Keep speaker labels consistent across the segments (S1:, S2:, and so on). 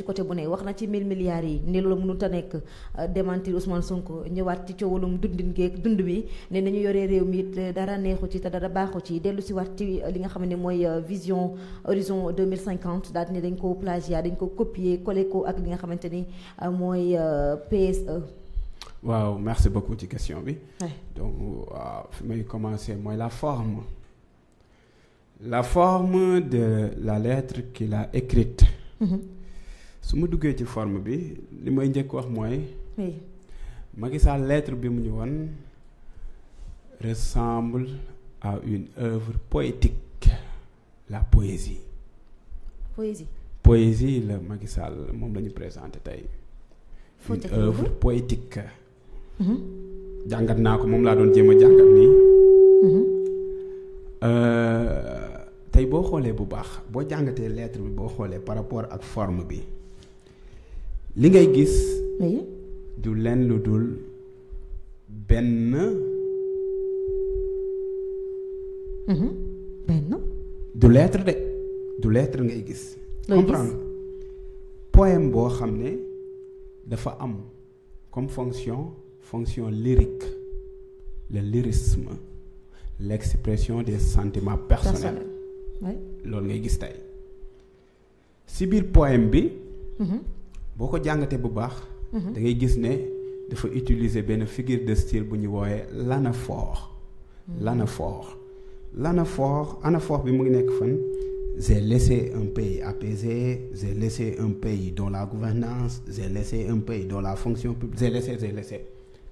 S1: ci côté bu ne wax na ci mille milliards yi ne loolu mënut a nekk euh, démentir Ousmane Sonko ñëwaat ci coowalum dundin geeg dund bi ne nañu yoree réew mi it dara neexu ci dara baaxu ci dellu si waat ci euh, li nga xam ne mooy euh, vision horizon 2050 daal ne dañ ko plagiat dañ ko copier coller ko ak li nga xamante ni mooy PSE
S2: waaw merci beaucoup ci question bi oui. donc waaw fi may commencer mooy la forme la forme de la lettre qu'il a écrite mm-hmm. su ma duggee ci forme bi li may njëkk wax mooy. oui Macky lettre bi mu ñu won ressemble à une œuvre poétique la poésie. poésie poésie la Macky Sall moom la ñu présenté tey. une mhm. jàngat naa ko moom laa doon jéem a jàngat nii. Mhm. Euh, tey boo xoolee bu baax boo jàngatee lettre bi boo xoolee par rapport ak form bi. li ngay gis. du leen lu dul benn. Mhm. benn. du lettre de du lettre ngay gis. comprendre poème boo xam ne dafa am comme fonction fonction lyrique le lyrisme l'expression des sentiments personnels. loolu ngay gis tey si biir poème bi. Mhm. boo ko jàngatee bu baax. Mhm. da ngay gis ne dafa utiliser benn figure de style bu ñu wooyee lana mhm. l'anaphore l'anaphore anaphore bi mu ngi nekk fan. j'ai laissé un pays apaisé j'ai laissé un pays dans la gouvernance j'ai laissé un pays dans fonction publique j'ai laissé j'ai laissé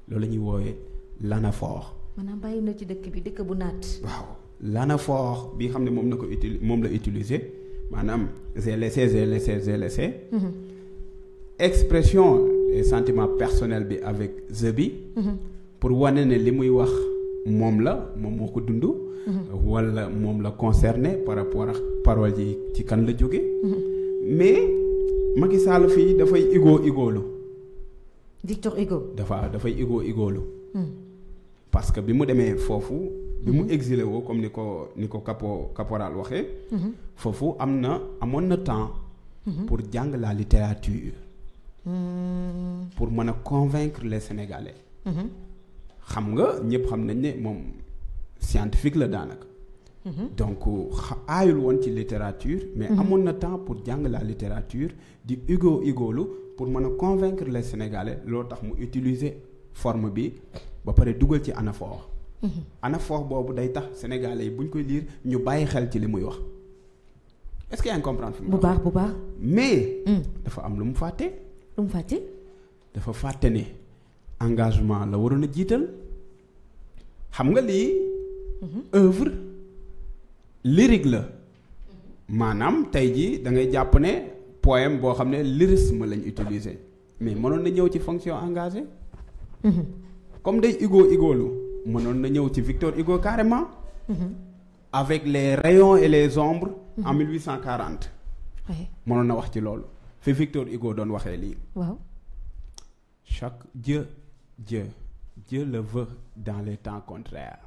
S2: loolu la ñuy wooyee l'anaphore.
S1: maanaam bàyyi na ci dëkk bi dëkk bu naat. waaw
S2: l'anaphore bi xam ne moom na ko utili moom la utiliser maanaam j'ai laissé j'ai laissé j'ai laissé. Mhm. expression et sentiment personnel bi avec The mm-hmm. pour wane ne li muy wax moom la moom moo ko dund mm-hmm. wala moom la concerné par rapport ak parole yi ci kan la jóge
S1: mm-hmm.
S2: mais Macky Sall fii dafay igoo igoolu dafa dafay mm. parce que bi mu demee foofu bi mu exile woo comme ni ko ni ko capo caporal waxee foofu am na amoon na temps pour jàng la littérature
S1: Hmm.
S2: pour mën a convaincre les sénégalais. Hmm. xam nga ñëpp xam nañ ne moom scientifique la daanaka. Hmm. donc aayul woon ci littérature. mais amoon na temps pour jàng la littérature di Hugo Hugolu pour mën a convaincre les sénégalais loo tax mu utiliser forme bi ba pare dugal ci anaphore. anaphore boobu day tax sénégalais yi buñ koy lire ñu bàyyi xel ci li muy wax est-ce que yaa ngi fi mu bu baax bu baax mais. dafa am lu mu fàtte. lu mu fàtte. dafa fàtte ne engagement la waroon a jiital xam nga lii. Mhm. œuvre lyrique la. maanaam tey jii da ngay jàpp ne poème boo xam ne lyrisme lañ utiliser mais mënoon na ñëw ci fonction engagée. Mhm. comme day Hugo Hugo mënoon na ñëw ci Victor Hugo carrément. Mhm. avec les rayons et les ombres. en 1840. mënoon na wax ci loolu. fi Victor Hugo doon waxee lii. waaw. chaque Dieu Dieu Dieu le veut dans les temps contraires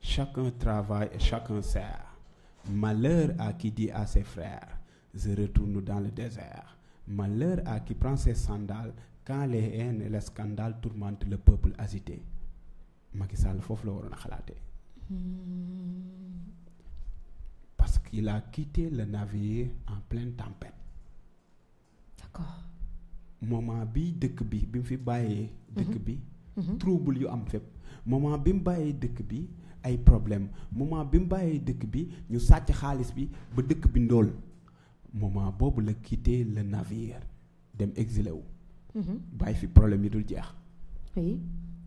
S2: chacun travaille et chacun sert malheur à qui dit à ses frères je retourne dans le désert malheur à qui prend ses sandales quand les haines et les scandales le peuple agité Macky Sall foofu la waroon a xalaatee.
S1: Hmm.
S2: parce qu'il a quitté le navire en pleine tempête. d'accord bi dëkk bi bi mu fi bàyyee. dëkk mhm. bi. Mhm. trouble yu am fépp moment bi mu bàyyee dëkk bi ay problème moment bi mu bàyyee dëkk bi ñu sàcc xaalis bi ba dëkk bi ndool moment boobu la quitté le navire dem exilé wu. Mhm. bàyyi fi problème yi dul jeex. oui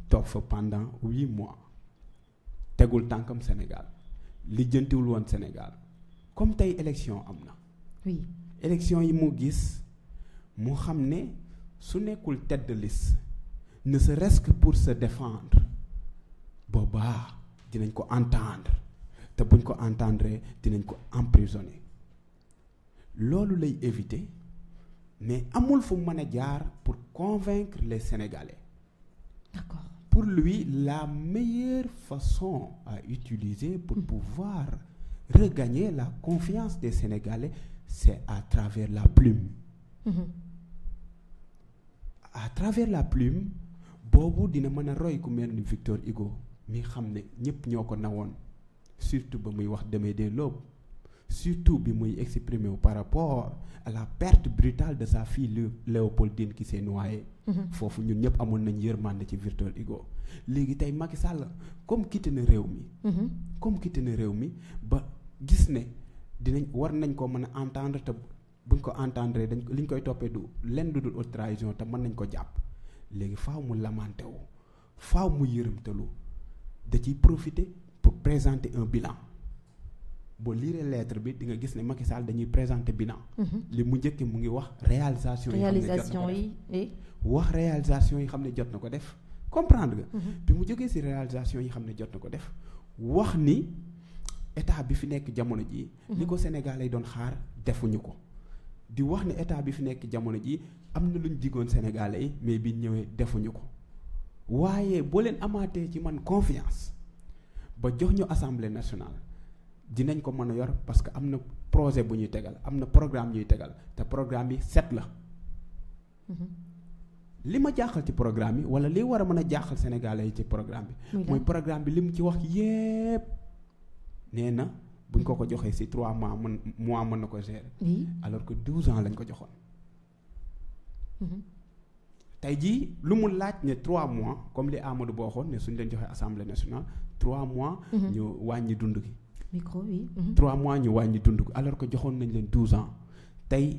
S2: toog fa pendant huit mois tegul tànkam senegal lijjantewul woon Sénégal comme tey élection am na. oui yi mu gis. mu xam ne su nekkul tête de liste ne serait pour sa défendre boobaa dinañ ko entendre te buñ ko entendre dinañ ko emprisonner loolu lay éviter mais amul fu mën a jaar pour convaincre les Sénégalais. D'accord. Pour lui, la meilleure façon à utiliser pour mmh. pouvoir regagner la confiance de Sénégalais, c'est à travers la plume. Mm-hmm. à travers la plume boobu dina mën a roy ku mel ni Victor Hugo mi xam ne ñëpp ñoo ko nawoon surtout ba muy wax Demain dès l'aube surtout bi muy exprimé wu par rapport à la perte brutale de sa fille Léopoldine qui s'est noyée. Mm-hmm. foofu ñun ñëpp amoon nañ yërmande ci Victor Hugo. léegi tey Macky Sall comme quitté na réew mi. Mm-hmm. comme quitté réew mi ba gis ne dinañ war nañ ko mën a entendre te buñ ko entendre dañ liñ koy toppee du lenn du dul haute trahison te mën nañ ko jàpp léegi faaw mu lamenté wu faaw mu yërëmtalu da ciy profiter pour présenter un bilan boo lire lettre bi di nga gis ne Macky Sall dañuy présenter bilan. Mhm. li mu njëkk mu ngi wax réalisation. réalisation yi wax réalisation yi xam ne jot na ko def comprendre nga. Mhm. bi mu jógee si réalisation yi xam ne jot na ko def wax ni état bi fi nekk jamono jii. li mhm. ko Sénégal doon xaar defuñu ko. di wax ne état bi fi nekk jamono ji am na lu ñu digoon Sénégalais yi mais bi ñëwee defuñu ko waaye boo leen amaatee ci man confiance ba jox ñu assemblée nationale dinañ ko mën a yor parce que am na projet bu ñuy tegal am na programme ñuy tegal te programme yi set la. Mm-hmm. li ma jaaxal ci programme bi wala li war a mën a jaaxal Sénégalais yi ci programme bi. mooy programme bi li mu ci wax yépp nee na. bu buñ ko ko joxee si trois mois mën mois mën na ko gérer. alors que douze ans lañ ko joxoon. Mm-hmm. tey jii lu mu laaj ne trois mois comme li Amadou Ba waxoon ne suñ leen joxee assemblée nationale trois mois. Mm-hmm. ñu wàññi dund
S1: mm-hmm.
S2: trois mois ñu wàññi dund gi alors que joxoon nañ leen douze ans tey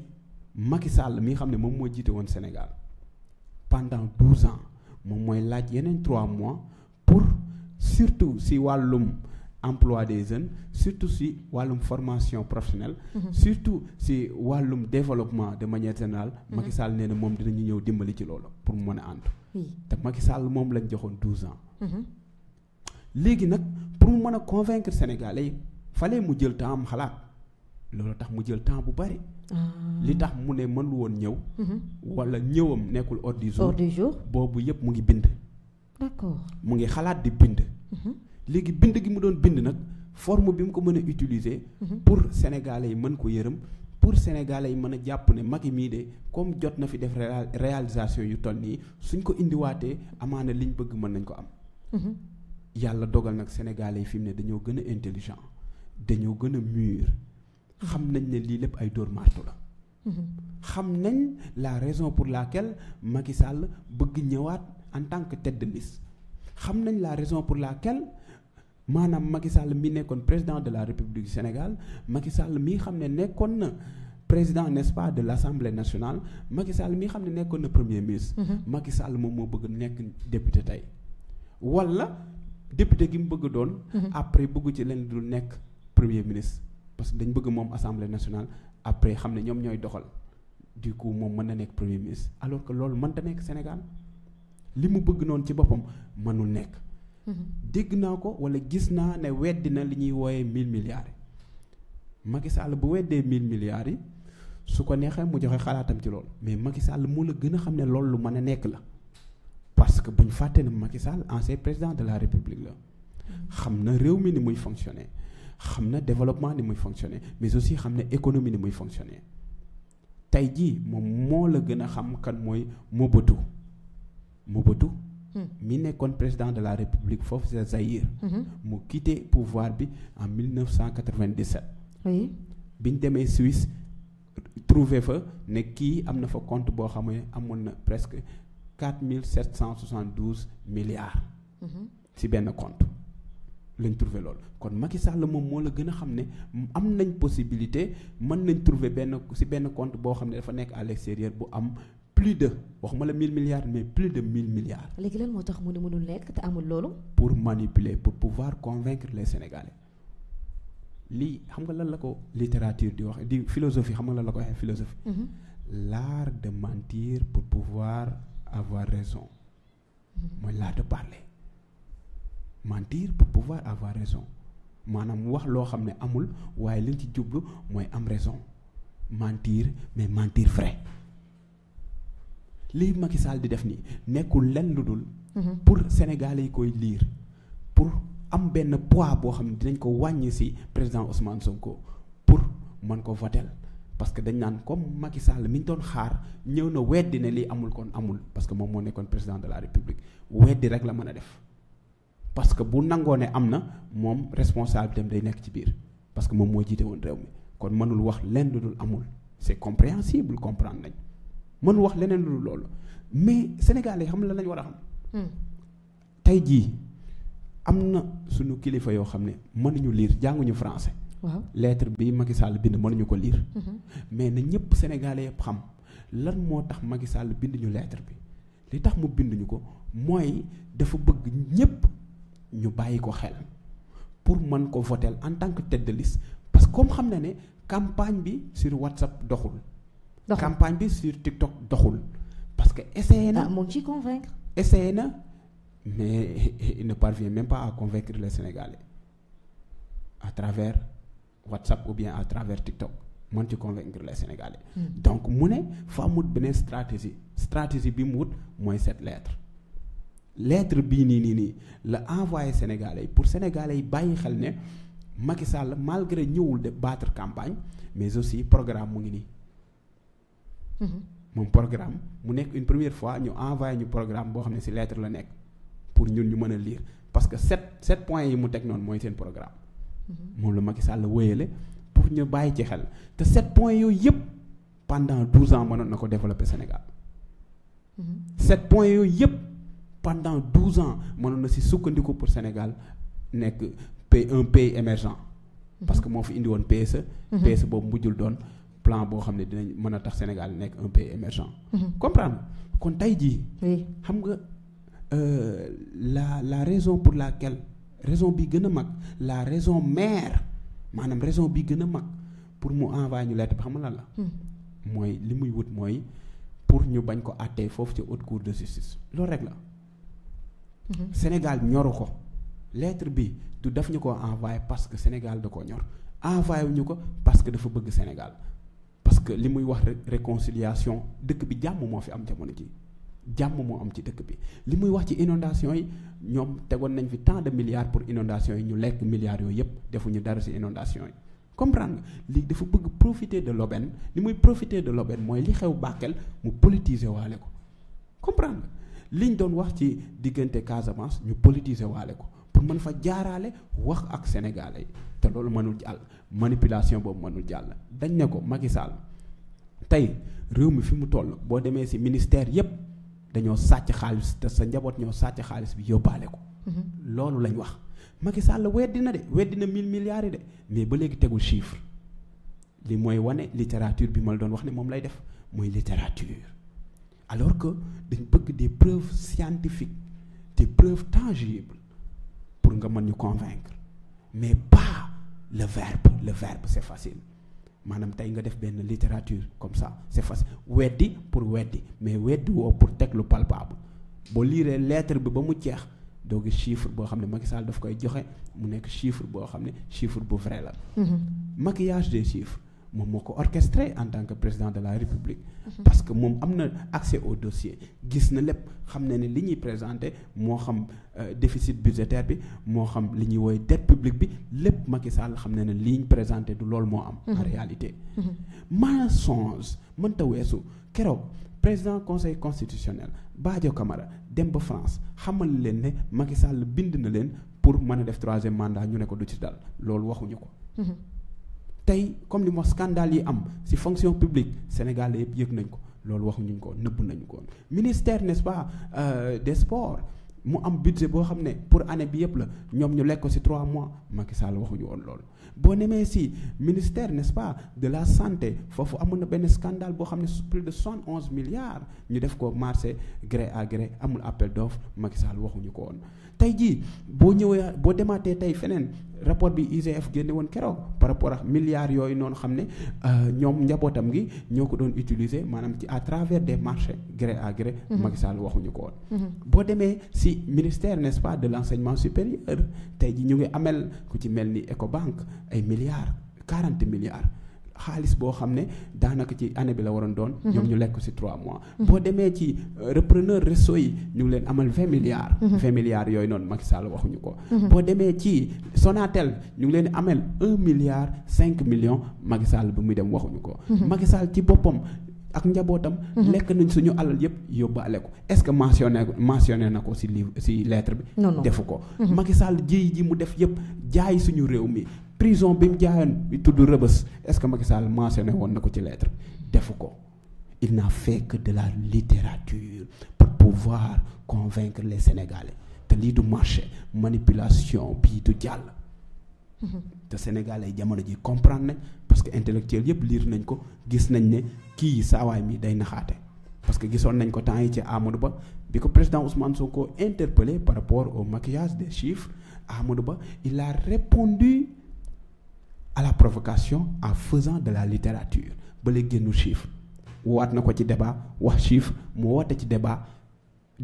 S2: Macky Sall mi xam ne moom moo jiite woon Sénégal pendant douze ans moom mooy laaj yeneen trois mois pour surtout si wàllum. emploi des jeunes surtout si wàllum formation professionnelle mm-hmm. surtout si wàllum développement de manière générale mm-hmm. Macky Sall nee na moom dinañu ñëw dimbali ci loolu pour mu mën a ànd te Macky moom lañ joxoon douze ans mm-hmm. léegi nag pour mu mën a convaincre Sénégalais yi fallait mu jël temps am xalaat loolu tax mu jël temps bu bari
S1: ah. li
S2: tax mu ne mënul woon ñëw wala ñëwam nekkul ordre boobu yëpp mu ngi bind mu ngi xalaat di bind léegi bind gi mu doon bind nag forme bi mu ko mën a utiliser. Mhm. pour sénégalais yi mën ko yërëm. pour sénégalais yi mën a jàpp ne Macky mii de comme jot na fi def réalisation yu toll nii suñ ko indiwaatee amaana liñ bëgg mën nañ ko am. Mhm. yàlla dogal nag sénégalais yi fi mu ne dañoo gën a intelligent dañoo gën a mûr xam nañ ne lii lépp ay dóor martu la. Mhm. xam nañ la raison pour laquelle Macky Sall bëgg ñëwaat en tant que tête de liste. xam nañ la raison pour laquelle maanaam Macky Sall mi nekkoon président de la République Sénégal Macky Sall mi xam ne nekkoon na président n'est-ce pas de l'Assemblée national Macky Sall mi xam ne nekkoon na premier ministre. Mm-hmm. Macky Sall moom moo bëgg nekk député tey. wala député gi mu bëgg doon. Mm-hmm. après bëgg ci leen du nekk premier ministre. parce que dañ bëgg moom assemblée national après xam ne ñoom ñooy doxal du ko moom mën na nekk premier ministre alors que loolu mën mënta nekk Sénégal li mu bëgg noonu ci boppam mënul nekk.
S1: dégg
S2: naa ko wala gis naa ne weddi na li ñuy wooyee mill milliards yi Macky Sall bu weddee mille milliards yi su ko neexee mu joxe xalaatam ci loolu mais Macky Sall moo la gën a xam ne loolu lu mën a nekk la parce que bu ñu fàtte ne Macky Sall ancien président de la république la xam na réew mi ni muy fonctionner xam na développement ni muy fonctionner mais aussi xam na économie muy fonctionner tey jii moom moo la gën a xam kan mooy Mobutu Mobutu Hmm. mi nekkoon président de la république foofu sa Zaïre hmm. mu quitté pouvoir bi en 1997. oui bi ñu demee Suisse trouvé fa ne kii am na fa compte boo xam amoon na presque quatre mille sept cent soixante douze milliards. ci hmm. benn compte lañ trouvé lool kon Macky la moom moo la gën a xam ne am nañ possibilité mën nañ trouvé benn ci benn compte boo xam ne dafa nekk à l'extérieur bu am plus de ma la 1000 milliards mais plus de 1000 milliards.
S1: léegi lan moo tax mu ne mënul nekk te
S2: amul loolu. pour manipuler pour pouvoir convaincre les sénégalais lii xam nga la la ko littérature di wax di philosophie xam nga lan la ko waxee philosophie. Mhm. l'art de mentir pour pouvoir avoir raison. Mhm. mooy l'art de parler. mentir pour pouvoir avoir raison maanaam wax loo xam ne amul waaye li nga ci jublu mooy am raison mentir mais mentir vrai. lii Macky Sall di def nii nekkul lenn lu dul. Mhm. pour sénégalais yi koy liir pour am benn poids boo xam ne dinañ ko wàññi si président Ousmane Sonko pour mën ko votel parce que dañ naan comme Macky Sall mi ñu doon xaar ñëw na weddi ne lii amul kon amul parce que moom moo nekkoon président de la république weddi rek la mën a def parce que bu nangoo ne am na moom responsabilité am day nekk ci biir parce que moom moo jiite woon réew mi kon mënul wax lenn lu dul amul c'est compréhensible comprendre nañ. mën wax leneen lu loolu mais sénégalais xam la lañ war a xam. Hmm. tey jii am na suñu kilifa yoo xam ne mënuñu liir jànguñu français. waaw lettre bi Macky Sall bind mënuñu ko liir hmm. mais na ñëpp sénégalais yëpp xam lan moo tax Macky Sall bind ñu lettre bi li tax mu bind ñu ko mooy dafa bëgg ñëpp ñu bàyyi ko xel pour mën ko voter en tant que tête de liste parce que comme xam na ne campagne bi sur WhatsApp doxul. campagne bi sur TikTok doxul parce que essayé na mu ngi ciy convaincre essayé na mais il ne parvient même pas à convaincre les Sénégalais à travers WhatsApp ou bien à travers TikTok moom ci convaincre les Sénégalais. Hmm. donc mu ne fa mu beneen stratégie stratégie bi mu wut mooy cette lettre. lettre bii nii nii nii la envoyé Sénégalais pour Sénégalais yi bàyyi xel ne Macky Sall malgré ñëwul de battre campagne mais aussi programme mu ngi nii. Mhm. moom programme mu nekk une première fois ñu envoyé ñu programme boo xam ne si lettre la nekk pour ñun ñu mën a lire parce que sept sept points yi mu teg noonu mooy seen programme. Mhm. moom la Macky Sall wéyale pour ñu bàyyi ci xel te sept points yooyu yëpp pendant douze ans mënoon na ko développer Sénégal. Mhm. sept yooyu yëpp pendant douze ans mënoon na si sukkandiku pour Sénégal nekk pays un pays émergent. parce que moo fi indi woon PSE. PSE boobu mujjul doon. plan boo xam ne dinañ mën a tax Sénégal nekk un pays émergent. Mm-hmm. comprendre kon tey jii. xam nga euh, la la raison pour la laquelle raison bi gën a mag la raison mère maanaam raison bi gën a mag pour mu envoyé ñu lettre bi xam nga la. Mm. mooy li muy wut mooy pour ñu bañ ko àttee foofu ci haute cour de justice loolu rek la. Mm-hmm. Sénégal ñoru ko lettre bi du daf ñu ko envoyé parce que Sénégal da ko ñor envoyé wu ñu ko parce que dafa bëgg Sénégal li muy wax réconciliation dëkk bi jàmm moo fi am jamono ji jàmm moo am ci dëkk bi li muy wax ci inondation yi ñoom tegoon nañ fi tant de milliards pour inondation yi ñu lekk milliards yooyu yëpp defuñu dara si inondation yi comprendre nga lii dafa bëgg profiter de l'aubaine li muy profiter de l'aubaine mooy li xew Bakel mu politiser waale ko comprendre nga liñ doon wax ci diggante Casamance ñu politiser waale ko pour mën fa jaaraale wax ak sénégalais yi te loolu mënul jàll manipulation boobu mënul jàll dañ ko Macky tey réew mi fi mu toll boo demee si ministère yépp dañoo sàcc xaalis te sa njaboot ñoo sàcc xaalis bi yóbbaale ko. Mhm. loolu lañ wax. Macky Sall weddi na de weddi mille milliards yi de mais ba léegi tegul chiffre li mooy wane littérature bi ma la doon wax ne moom lay def mooy littérature. alors que dañ bëgg des preuves scientifiques te preuves tangibles pour nga mën ñu convaincre mais pas le verbe le facile. maanaam tey nga def benn littérature comme ça c'est facile weddi pour weddi mais weddi woo pour teg lu palpable boo liiree lettre bi ba mu jeex doo gis chiffre boo xam ne Macky Sall daf koy joxe mu nekk chiffre boo xam ne chiffre bu vrai la. Mhm. maquillage des chiffres. moom moo ko orchestré en tant que président de la république. Mhm. parce que moom am na accès au dossier gis na lépp xam na ne li ñuy présenté moo xam euh, déficit budgétaire bi moo xam li ñuy woy dette publique bi lépp Macky Sall xam na ne li ñu présenté du loolu moo am. en mhm. réalité. Mhm. mensonge mënta weesu keroog président conseil constitutionnel Badio Camara dem ba France xamal leen ne Macky Sall bind na leen pour mën a def troisième mandat ñu ne ko du ci dal loolu waxuñu ko. tey comme li mo scandale yi am ci fonction publique Sénégal yëpp yëg nañ ko loolu waxuñu ko nëbb nañu ko ministère n'est-ce pas euh, des sports mu am budget boo xam ne pour année bi yëpp la ñoom ñu lekk ko ci trois mois Macky Sall waxuñu woon loolu. boo nemee si ministère n'est-ce pas de la santé foofu amoon na benn scandale boo xam ne plus de soixante onze milliards ñu def ko marché gré à gré amul appel d'offre Macky waxuñu ko woon. tey jii boo ñëwee boo demaatee tey feneen rapport bi IGF génne woon keroog par rapport ak milliards yooyu noonu xam ne euh, ñoom njabootam gi ñoo ko doon utiliser maanaam ci à travers des marchés gré à gré. Mm-hmm. Macky Sall waxuñu ko woon. Mm-hmm. boo demee si ministère n'est-ce pas de l'enseignement supérieur tey ji ñu ngi ameel ku ci mel ni Ecobank ay milliards 40 milliards. xaalis boo xam ne daanaka ci année bi la waroon doon. Mhm. ñoom ñu lekk si 3 mois. Mhm. boo demee ci euh, repreneur réseau yi ñu ngi leen amal 20 milliards. 20 mhm. milliards yooyu noonu Macky Sall waxuñu ko. boo demee ci Sonatel ñu ngi leen amal 1 milliard cinq millions Macky Sall bi muy dem waxuñu ko. Macky Sall ci boppam. ak njabootam. lekk nañ suñu alal yëpp yóbbaale ko est-ce que mentionné mentionné na ko si livre ci lettre bi. defu ko. Macky Sall ji ji mu def yëpp jaay suñu réew mi. prison bi mu jaayoon bi tudd rëbës est-ce que Macky Sall mentionné woon na ko ci lettre defu ko il n'a fait que de la littérature pour pouvoir convaincre les Sénégalais te lii du marché manipulation bii du jàll te Sénégalais jamono ji comprend ne parce que intellectuel yëpp liir nañ ko gis nañ ne kii saawaay mi day naxaate parce que gisoon nañ ko temps yi ci Amadou Ba bi ko président Ousmane Sonko interpellé par rapport au maquillage des chiffres Amadou Ba à la provocation en faisant de la littérature ba léegi génnu chiffre waat na ko ci débat wax chiffre mu woote ci débat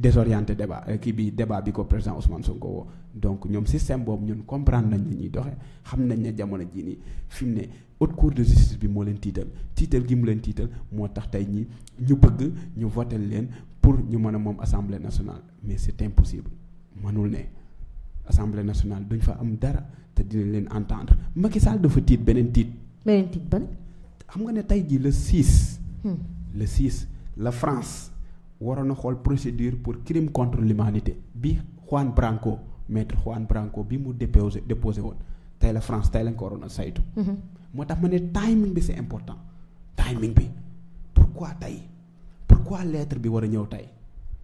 S2: désorienté débat euh, kii bi débat bi ko président Ousmane Sonko woo donc ñoom système boobu ñun comprendre nañ li ñuy doxee xam nañ ne jamono jii nii fi mu ne haute cour de justice bi moo leen tiital tiital gi mu leen tiital moo tax tey ñi ñu bëgg ñu votel leen pour ñu mën a moom assemblée nationale mais c'est impossible mënul ne. assemblée nationale duñ fa am dara te dinañ leen entendre Macky Sall dafa tiit beneen tiit. beneen tiit ban. xam nga ne tey jii le 6. Hmm. le la France waroon na xool procédure pour crime contre l'humanité bi Juan Branco maître Juan Branco bi mu déposé déposé woon tey la France tey lañ ko waroon a saytu. Hmm. moo tax ma ne timing bi c'est important timing bi pourquoi tey pourquoi lettre bi war a ñëw tey.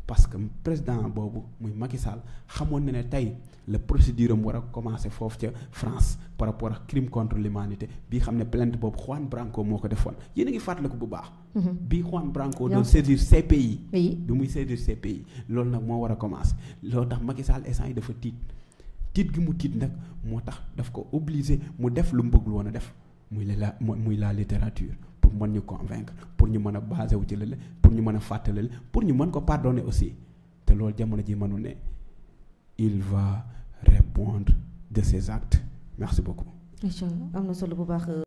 S2: parce que président boobu muy Macky Sall xamoon na ne tey la procédure mu war a commencer foofu ca France par rapport ak crime contre l'humanité bi xam ne plainte boobu Juan Branco moo ko defoon yéen a ngi fàttaliku bu baax. Mhm. bi Juan Branco doon saisir CPI. bi muy saisir CPI loolu nag moo war a commencer loolu tax Macky Sall instant yi dafa tiit tiit gi mu tiit nag moo tax daf ko obligé mu def lu mu bëggul woon a def muy la muy la littérature. mën ñu convaincre pour ñu mën a basé wu pour ñu mën a fàttalal pour ñu mën ko pardonner aussi te loolu jamono ji mënu ne il va répondre de ses actes merci beaucoup.
S1: incha am na solo bu baax.